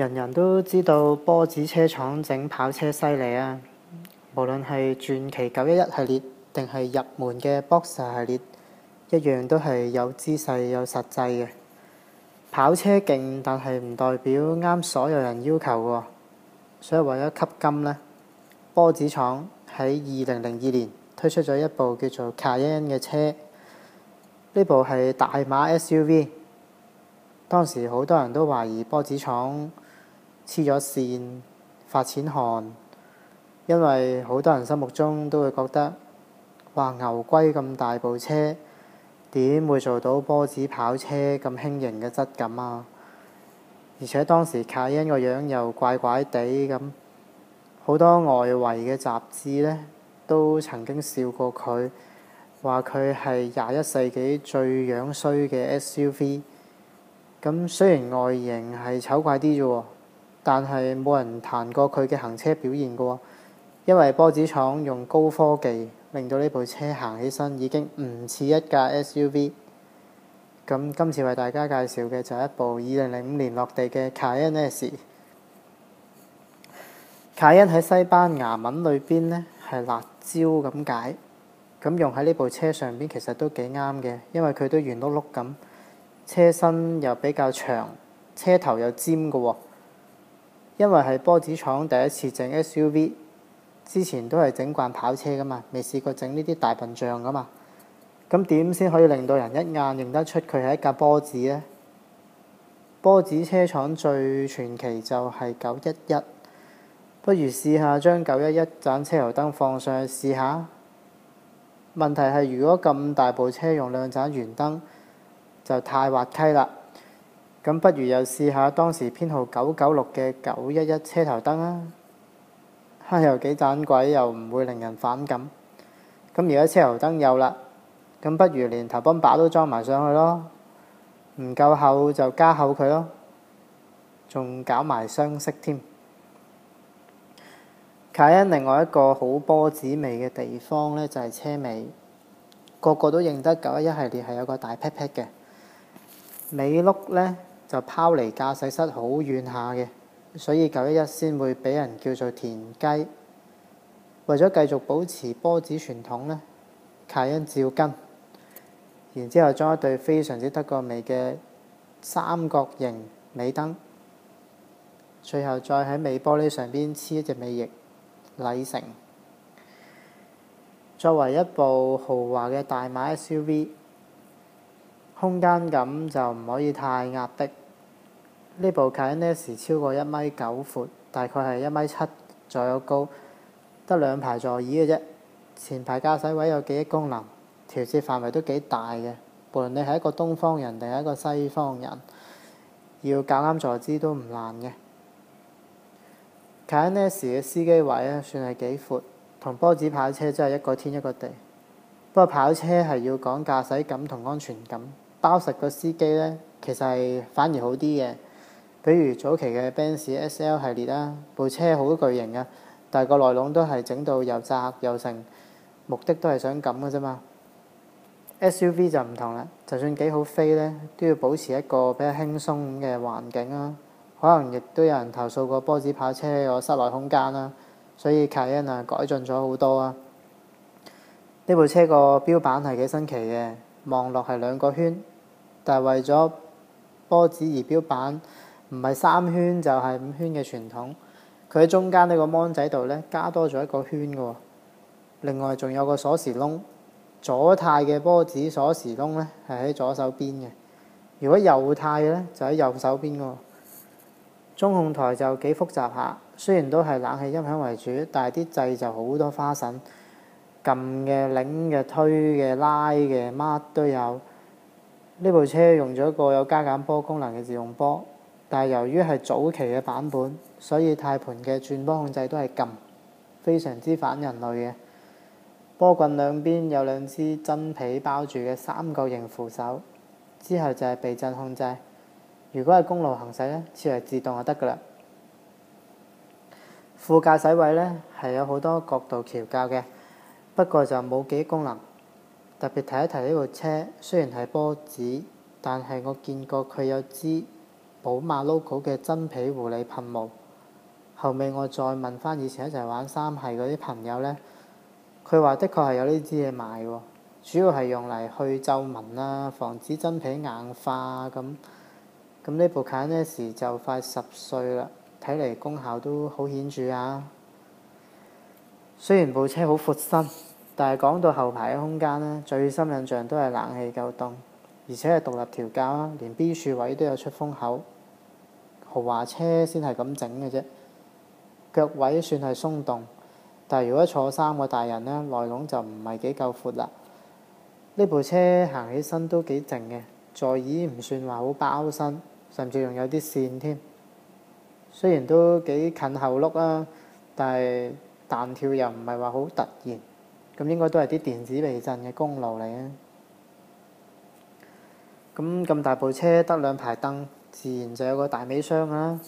人人都知道波子車廠整跑車犀利啊！無論係傳奇九一一系列，定係入門嘅 Boxer 系列，一樣都係有姿勢有實際嘅跑車勁，但係唔代表啱所有人要求喎。所以為咗吸金呢，波子廠喺二零零二年推出咗一部叫做 Cayenne 嘅車，呢部係大碼 SUV。當時好多人都懷疑波子廠黐咗線，發錢寒，因為好多人心目中都會覺得，哇！牛龜咁大部車，點會做到波子跑車咁輕盈嘅質感啊！而且當時卡恩個樣又怪怪地咁，好多外圍嘅雜誌咧都曾經笑過佢，話佢係廿一世紀最樣衰嘅 SUV。咁雖然外形係醜怪啲啫喎～但係冇人彈過佢嘅行車表現嘅喎，因為波子廠用高科技令到呢部車行起身已經唔似一架 SUV。咁今次為大家介紹嘅就係一部二零零五年落地嘅卡恩 S。卡恩喺西班牙文裏邊咧係辣椒咁解，咁用喺呢部車上邊其實都幾啱嘅，因為佢都圓碌碌咁，車身又比較長，車頭又尖㗎喎。因為係波子廠第一次整 SUV，之前都係整慣跑車噶嘛，未試過整呢啲大笨象噶嘛。咁點先可以令到人一眼認得出佢係一架波子呢？波子車廠最傳奇就係九一一。不如試下將九一一盞車頭燈放上去試下。問題係如果咁大部車用兩盞圓燈，就太滑稽啦。咁不如又試下當時編號九九六嘅九一一車頭燈啊、哎！嚇又幾盞鬼，又唔會令人反感。咁而家車頭燈有啦，咁不如連頭泵把都裝埋上去咯。唔夠厚就加厚佢咯，仲搞埋雙色添。卡恩另外一個好波子味嘅地方咧，就係、是、車尾，個個都認得九一一系列係有個大 pat pat 嘅尾碌咧。就拋離駕駛室好遠下嘅，所以九一一先會俾人叫做田雞。為咗繼續保持波子傳統呢，卡恩照跟，然之後裝一對非常之得個味嘅三角形尾燈，最後再喺尾玻璃上邊黐一隻尾翼，禮成。作為一部豪華嘅大碼 SUV。空間感就唔可以太壓迫。呢部 Cayenne S 超過一米九闊，大概係一米七左右高，得兩排座椅嘅啫。前排駕駛位有記憶功能，調節範圍都幾大嘅。無論你係一個東方人定係一個西方人，要搞啱坐姿都唔難嘅。Cayenne S 嘅司機位咧算係幾闊，同波子跑車真係一個天一個地。不過跑車係要講駕駛感同安全感。包實個司機呢，其實係反而好啲嘅。比如早期嘅 Benz S L 系列啦、啊，部車好巨型啊，但係個內籠都係整到又窄又成，目的都係想咁嘅啫嘛。S U V 就唔同啦，就算幾好飛呢，都要保持一個比較輕鬆嘅環境啊。可能亦都有人投訴過波子跑車個室內空間啦、啊，所以卡宴啊改進咗好多啊。呢部車個標板係幾新奇嘅，望落係兩個圈。但係為咗波子儀表板唔係三圈就係五圈嘅傳統，佢喺中間呢個芒仔度咧加多咗一個圈嘅喎。另外仲有個鎖匙窿，左軚嘅波子鎖匙窿咧係喺左手邊嘅，如果右軚嘅咧就喺右手邊嘅。中控台就幾複雜下，雖然都係冷氣音響為主，但係啲掣就好多花神，撳嘅、擰嘅、推嘅、拉嘅，乜都有。呢部車用咗一個有加減波功能嘅自動波，但係由於係早期嘅版本，所以軚盤嘅轉波控制都係撳，非常之反人類嘅。波棍兩邊有兩支真皮包住嘅三角形扶手，之後就係避震控制。如果係公路行駛咧，切嚟自動就得㗎啦。副駕駛位呢，係有好多角度調校嘅，不過就冇記憶功能。特別提一提呢部車，雖然係波子，但係我見過佢有支寶馬 logo 嘅真皮護理噴霧。後尾我再問返以前一齊玩三系嗰啲朋友呢，佢話的確係有呢支嘢賣喎，主要係用嚟去皺紋啦、啊，防止真皮硬化咁、啊。咁呢部 Cayenne S 就快十歲啦，睇嚟功效都好顯著啊！雖然部車好闊身。但係講到後排嘅空間呢，最深印象都係冷氣夠凍，而且係獨立調教啊，連 B 柱位都有出風口，豪華車先係咁整嘅啫。腳位算係鬆動，但係如果坐三個大人呢，內籠就唔係幾夠闊啦。呢部車行起身都幾靜嘅，座椅唔算話好包身，甚至仲有啲線添。雖然都幾近後碌啊，但係彈跳又唔係話好突然。咁應該都係啲電子避震嘅功勞嚟嘅。咁咁大部車得兩排燈，自然就有個大尾箱啦。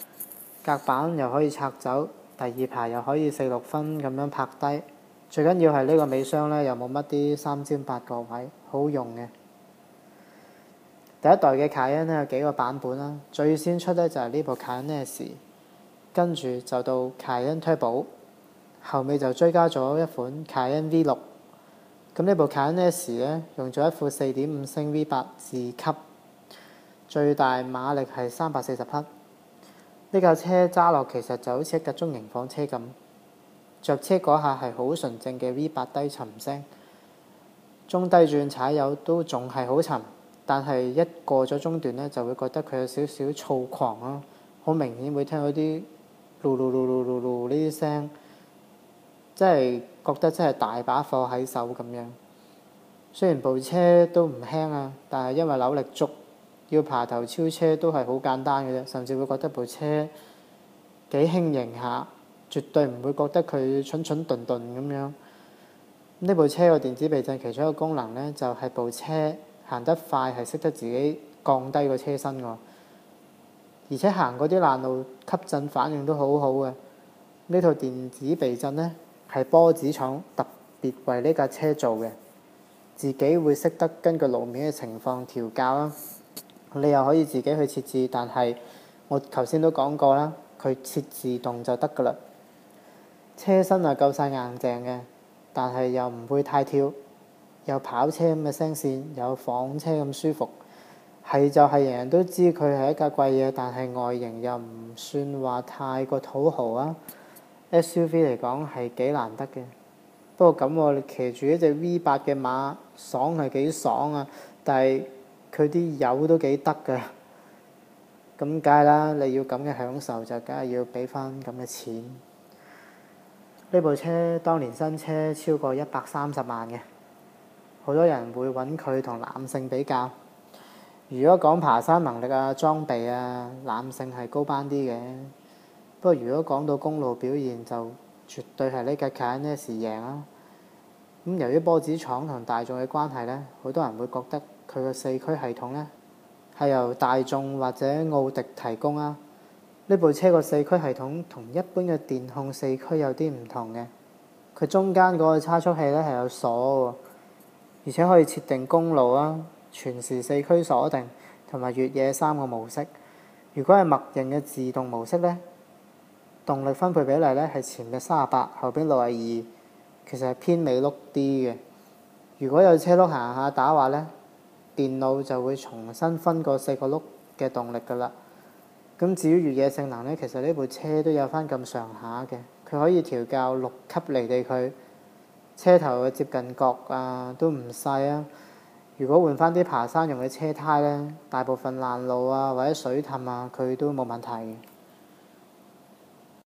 隔板又可以拆走，第二排又可以四六分咁樣拍低。最緊要係呢個尾箱咧，又冇乜啲三尖八角位，好用嘅。第一代嘅卡恩咧有幾個版本啦，最先出咧就係呢部卡恩 S，跟住就到卡恩 Turbo。後尾就追加咗一款卡恩 V 六，咁呢部卡恩 S 咧用咗一副四點五升 V 八自吸，最大馬力係三百四十匹。呢架車揸落其實就好似一架中型房車咁，着車嗰下係好純正嘅 V 八低沉聲，中低轉踩油都仲係好沉，但係一過咗中段咧就會覺得佢有少少躁狂咯，好明顯會聽到啲，呯呯呯呯呯呯呢啲聲。真係覺得真係大把貨喺手咁樣。雖然部車都唔輕啊，但係因為扭力足，要爬頭超車都係好簡單嘅啫。甚至會覺得部車幾輕盈下，絕對唔會覺得佢蠢蠢頓頓咁樣。呢部車個電子避震，其中一個功能呢，就係部車行得快係識得自己降低個車身㗎，而且行嗰啲爛路吸震反應都好好嘅。呢套電子避震呢。係波子廠特別為呢架車做嘅，自己會識得根據路面嘅情況調校啦、啊。你又可以自己去設置，但係我頭先都講過啦，佢設自動就得㗎啦。車身啊夠晒硬淨嘅，但係又唔會太跳，有跑車咁嘅聲線，有房車咁舒服。係就係、是、人人都知佢係一架貴嘢，但係外形又唔算話太過土豪啊。SUV 嚟講係幾難得嘅，不過咁喎、啊，你騎住一隻 V 八嘅馬，爽係幾爽啊！但係佢啲油都幾得㗎，咁梗係啦！你要咁嘅享受就梗係要俾翻咁嘅錢。呢部車當年新車超過一百三十萬嘅，好多人會揾佢同攬勝比較。如果講爬山能力啊、裝備啊，攬勝係高班啲嘅。不過，如果講到公路表現，就絕對係呢架卡宴 S 贏啦。咁由於波子廠同大眾嘅關係呢，好多人會覺得佢個四驅系統呢係由大眾或者奧迪提供啊。呢部車個四驅系統同一般嘅電控四驅有啲唔同嘅，佢中間嗰個差速器呢係有鎖喎，而且可以設定公路啊、全時四驅鎖定同埋越野三個模式。如果係默認嘅自動模式呢。動力分配比例咧係前嘅三十八，後邊六十二，其實係偏尾碌啲嘅。如果有車碌行下打滑咧，電腦就會重新分過四個碌嘅動力噶啦。咁至於越野性能咧，其實呢部車都有翻咁上下嘅。佢可以調校六級離地，佢車頭嘅接近角啊都唔細啊。如果換翻啲爬山用嘅車胎咧，大部分爛路啊或者水氹啊，佢都冇問題嘅。